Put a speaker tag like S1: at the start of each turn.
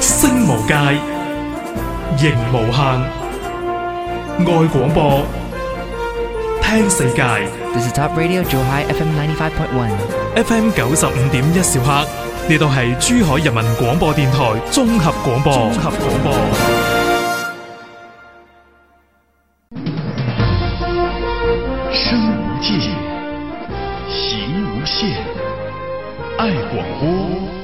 S1: 聲無界，形無限，愛廣播，聽世界。This is Top Radio 珠海 FM 九十五點一，FM 九十五點一，兆赫，呢度係珠海人民廣播電台綜合廣播。綜合廣播，
S2: 廣播聲
S3: 無界，形無限，愛廣播。